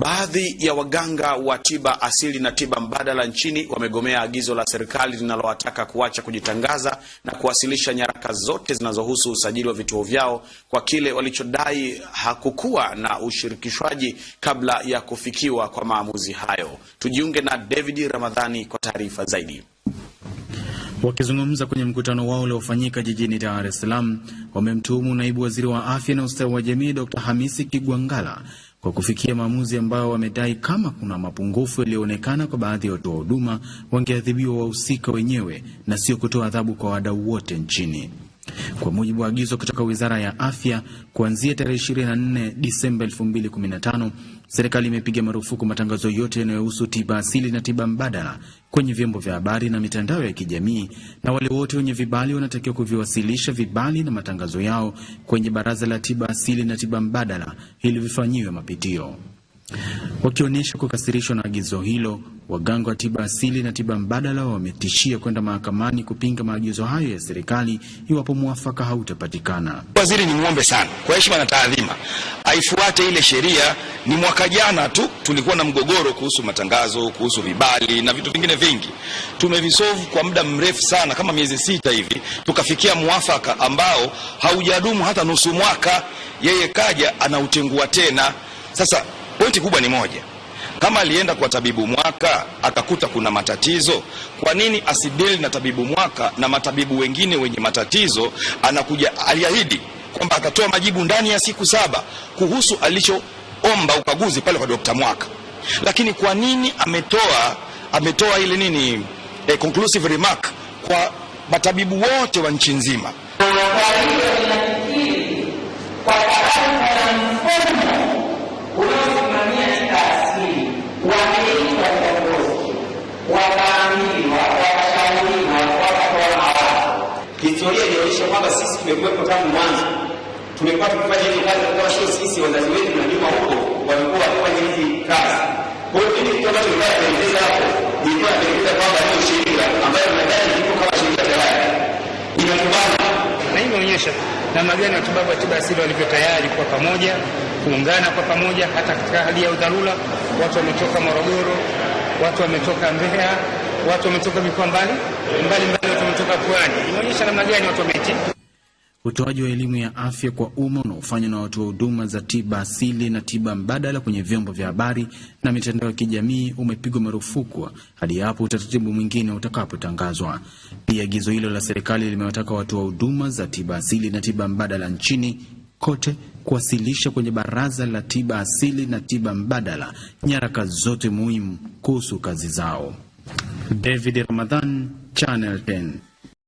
Baadhi ya waganga wa tiba asili na tiba mbadala nchini wamegomea agizo la serikali linalowataka kuacha kujitangaza na kuwasilisha nyaraka zote zinazohusu usajili wa vituo vyao kwa kile walichodai hakukuwa na ushirikishwaji kabla ya kufikiwa kwa maamuzi hayo. Tujiunge na David Ramadhani kwa taarifa zaidi. Wakizungumza kwenye mkutano wao uliofanyika jijini Dar es Salaam, wamemtuhumu naibu waziri wa afya na ustawi wa jamii Dr. Hamisi Kigwangala kwa kufikia maamuzi ambao wamedai kama kuna mapungufu yaliyoonekana kwa baadhi ya watoa huduma wangeadhibiwa wahusika wenyewe na sio kutoa adhabu kwa wadau wote nchini. Kwa mujibu wa agizo kutoka Wizara ya Afya, kuanzia tarehe 24 Disemba 2015, serikali imepiga marufuku matangazo yote yanayohusu tiba asili na tiba mbadala kwenye vyombo vya habari na mitandao ya kijamii, na wale wote wenye vibali wanatakiwa kuviwasilisha vibali na matangazo yao kwenye Baraza la Tiba Asili na Tiba Mbadala ili vifanyiwe mapitio. Wakionyesha kukasirishwa na agizo hilo, waganga wa tiba asili na tiba mbadala wametishia kwenda mahakamani kupinga maagizo hayo ya serikali iwapo mwafaka hautapatikana. Waziri ni muombe sana, kwa heshima na taadhima, aifuate ile sheria. Ni mwaka jana tu tulikuwa na mgogoro kuhusu matangazo, kuhusu vibali na vitu vingine vingi. tumevisovu kwa muda mrefu sana, kama miezi sita hivi, tukafikia mwafaka ambao haujadumu hata nusu mwaka. Yeye kaja anautengua tena sasa Pointi kubwa ni moja. Kama alienda kwa tabibu mwaka akakuta kuna matatizo, kwa nini asidili na tabibu mwaka na matabibu wengine wenye matatizo? Anakuja, aliahidi kwamba akatoa majibu ndani ya siku saba kuhusu alichoomba ukaguzi pale kwa Dokta Mwaka, lakini kwa nini ametoa ametoa ile nini, eh, conclusive remark kwa matabibu wote wa nchi nzima? kwamba sisi tumekuwepo tangu mwanzo, tumekuwa tukifanya hizo kazi, kwa sio sisi, wazazi wetu na nyuma huko walikuwa wakifanya hizi kazi. Kwa hiyo kile kitu ambacho nilikuwa naelekeza hapo, nilikuwa naelekeza kwamba hiyo sheria ambayo tunadai iko kama sheria tayari inatubana na imeonyesha namna gani watibabu wa tiba asili walivyo tayari kwa pamoja kuungana kwa pamoja, hata katika hali ya udharura. Watu wametoka Morogoro, watu wametoka Mbeya, watu wametoka mikoa mbali mbali mbali kutoka puani. Inaonyesha namna gani watu wametii. Utoaji wa elimu ya afya kwa umma unaofanywa na watoa huduma za tiba asili na tiba mbadala kwenye vyombo vya habari na mitandao ya kijamii umepigwa marufuku hadi hapo utaratibu mwingine utakapotangazwa. Pia agizo hilo la serikali limewataka watoa huduma za tiba asili na tiba mbadala nchini kote kuwasilisha kwenye Baraza la Tiba Asili na Tiba Mbadala nyaraka zote muhimu kuhusu kazi zao. David Ramadhan, Channel 10.